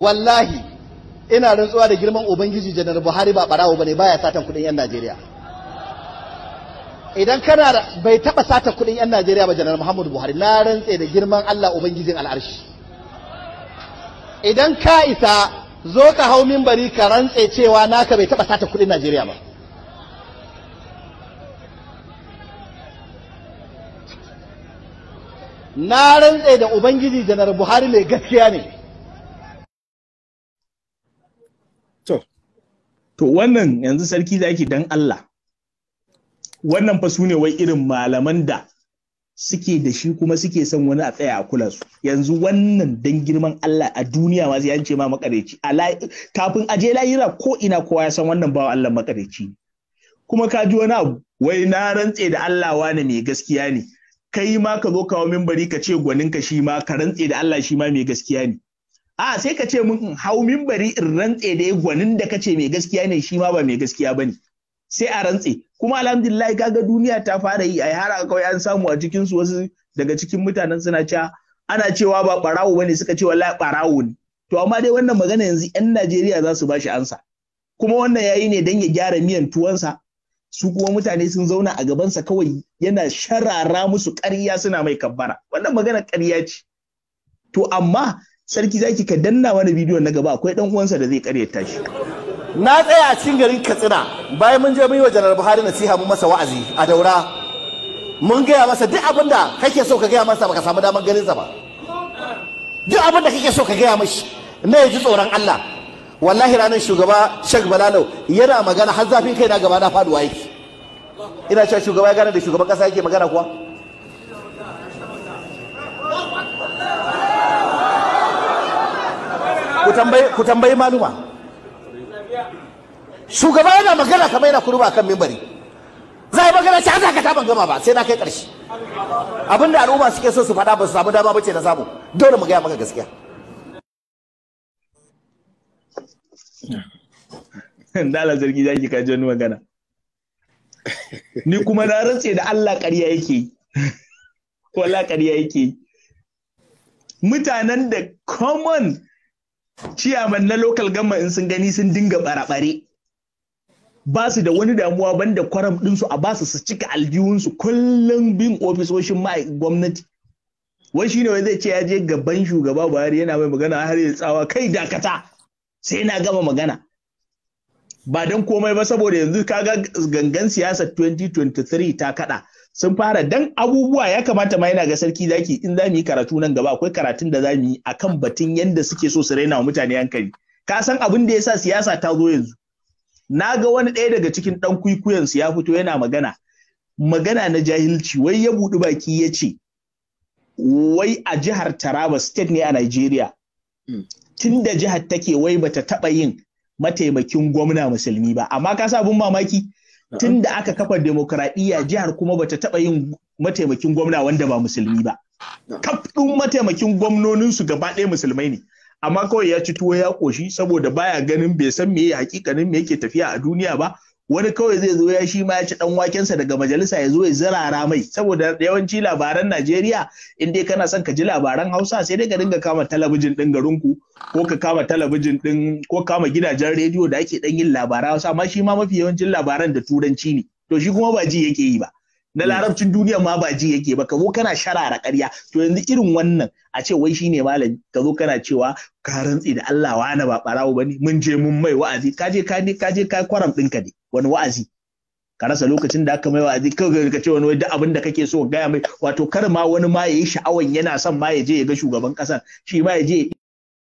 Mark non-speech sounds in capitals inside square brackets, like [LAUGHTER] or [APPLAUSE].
wallahi ina rantsuwa da girman ubangiji janar buhari ba barawo bane baya satan kudin yan najeriya idan kana bai taba satan kudin yan najeriya ba janar muhammadu buhari na rantse da girman allah ubangijin al'arshi idan ka isa zo ka hau mimbari ka rantse cewa naka bai taba satan kudin najeriya ba na rantse da ubangiji janar buhari mai gaskiya ne To, to wannan yanzu sarki zaki dan Allah. Wannan fa su ne wai irin malaman da suke da shi kuma suke son wani a tsaya a kula su. Yanzu wannan dan girman Allah a duniya ma sai an ce ma makareci. Kafin aje lahira ko ina kowa ya san wannan bawa Allah makareci. Kuma ka ji wani abu, wai na rantse da Allah ne mai gaskiya ne. Kai ma ka zo kawo mimbari ka ce gwaninka shi ma ka rantse da Allah shi ma mai gaskiya ne. a sai ka ce mun in hau mimbari in rantse da gwanin da kace mai gaskiya ne shi ma ba mai gaskiya bane sai a rantse kuma alhamdulillah kaga duniya ta fara yi ai har kawai an samu a cikin su wasu daga cikin mutanen suna cewa ana cewa ba barawo bane suka ce wallahi barawo ne to amma dai wannan magana yanzu yan Najeriya za su bashi ansa kuma wannan yayi ne dan ya gyara miyan tuwon sa su kuma mutane sun zauna a gaban sa kawai yana sharara musu ƙarya suna mai kabbara wannan magana ƙarya ce to amma sarki zaki ka danna mana bidiyon na gaba akwai dan uwansa da zai karyata tashi. na tsaya a cikin garin Katsina bayan mun je mun yi wa Janar Buhari nasiha mun masa wa'azi a daura mun gaya masa duk abin kake so ka gaya masa baka samu damar ganin sa ba duk abin da kake so ka gaya mashi na ya tsoron Allah wallahi ranar shugaba Sheikh Balalo yana magana har zafin kai na gaba na faduwa yake ina cewa shugaba ya gane da shugaban kasa yake magana kuwa ku tambayi maluma shugaba yana magana kamar yana kurba kan mimbari za a magana ta haka ta taban gama ba sai na kai ƙarshe abinda al'umma suke so su faɗa ba su samu dama bace na samu dole mu gaya maka gaskiya [LAUGHS] Dala zargi zaki ka ji wani magana. Ni kuma na rantse da Allah ƙarya yake yi. [LAUGHS] allah ƙarya yake yi. Mutanen da common ciyaman na local gama in sun gani sun dinga barabare ba su da wani damuwa banda kwaram ɗinsu a basu su cika aljihunsu kullum bin ofisoshin gwamnati wai shi ne zai ce ya je gaban shugaba buhari yana mai magana har ya tsawa kai dakata sai na gama magana ba don komai ba saboda yanzu kaga gangan siyasar 2023 ta kaɗa. sun fara dan abubuwa ya kamata ma yana ga sarki zaki in za mu yi karatu nan gaba akwai karatun da za mu yi akan batun yadda suke so su raina wa mutane hankali ka san abin da yasa siyasa ta zo yanzu na ga wani ɗaya daga cikin ɗan kwikwiyon su ya fito yana magana magana na jahilci wai ya buɗi baki ya ce wai a jihar Taraba state ne a Najeriya hmm. tun da jihar take wai bata taɓa yin mataimakin gwamna musulmi ba amma ka sa abin mamaki tun da aka kafa demokradiyya jihar kuma bata taɓa yin mataimakin gwamna wanda ba musulmi ba kafin mataimakin gwamnoninsu gaba ɗaya musulmai ne amma kawai ya ci tuwo ya ƙoshi, saboda baya ganin bai san me meye hakikanin me yake tafiya a duniya ba wani kawai zai zo ya shi ma ya ci dan sa daga majalisa ya zo ya zirara mai saboda yawanci labaran Najeriya in dai kana son ka ji labaran Hausa sai dai ka dinga kama talabijin din ku, ko ka kama talabijin din ko kama gidajen rediyo da ake dan yin labaran Hausa Ma shi ma mafi yawancin labaran da turanci ne to shi kuma ba ji yake yi ba na hmm. larabcin duniya ma ba ji yake ba ka zo kana sharara ƙarya to yanzu irin wannan a ce wai shine malami ka zo kana cewa ka rantsi da Allah wa ana ba barawo bane mun je mun mai wa'azi ka je ka ka je ka kwaram ɗinka ne wani wa'azi ka rasa lokacin da aka mai wa'azi kawai ka ce wani duk abin da kake so gaya mai wato kar ma wani ma yayi sha'awan yana son ma ya je ya ga shugaban ƙasar shi ma ya je